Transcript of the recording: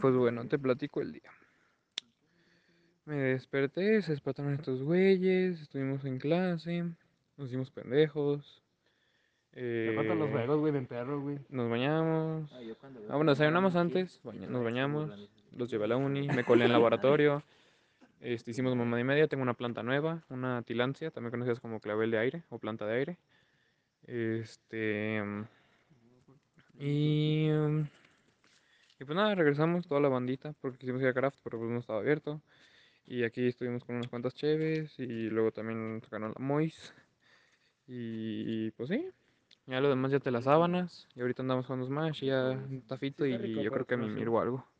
Pues bueno, te platico el día. Me desperté, se espataron estos güeyes, estuvimos en clase, nos hicimos pendejos. Eh, los güey, perro, güey. Nos bañamos. Ah, yo bueno, desayunamos antes, nos bañamos, los llevé a la uni, me colé en el laboratorio. Este, hicimos mamá de media, tengo una planta nueva, una tilancia, también conocidas como clavel de aire o planta de aire. Este. Y. Y pues nada, regresamos toda la bandita porque quisimos ir a Craft, pero pues no estaba abierto. Y aquí estuvimos con unas cuantas chéves y luego también tocaron la Mois. Y, pues sí, ya lo demás ya te las sábanas. Y ahorita andamos con los Smash y ya un tafito y yo creo que me miró algo.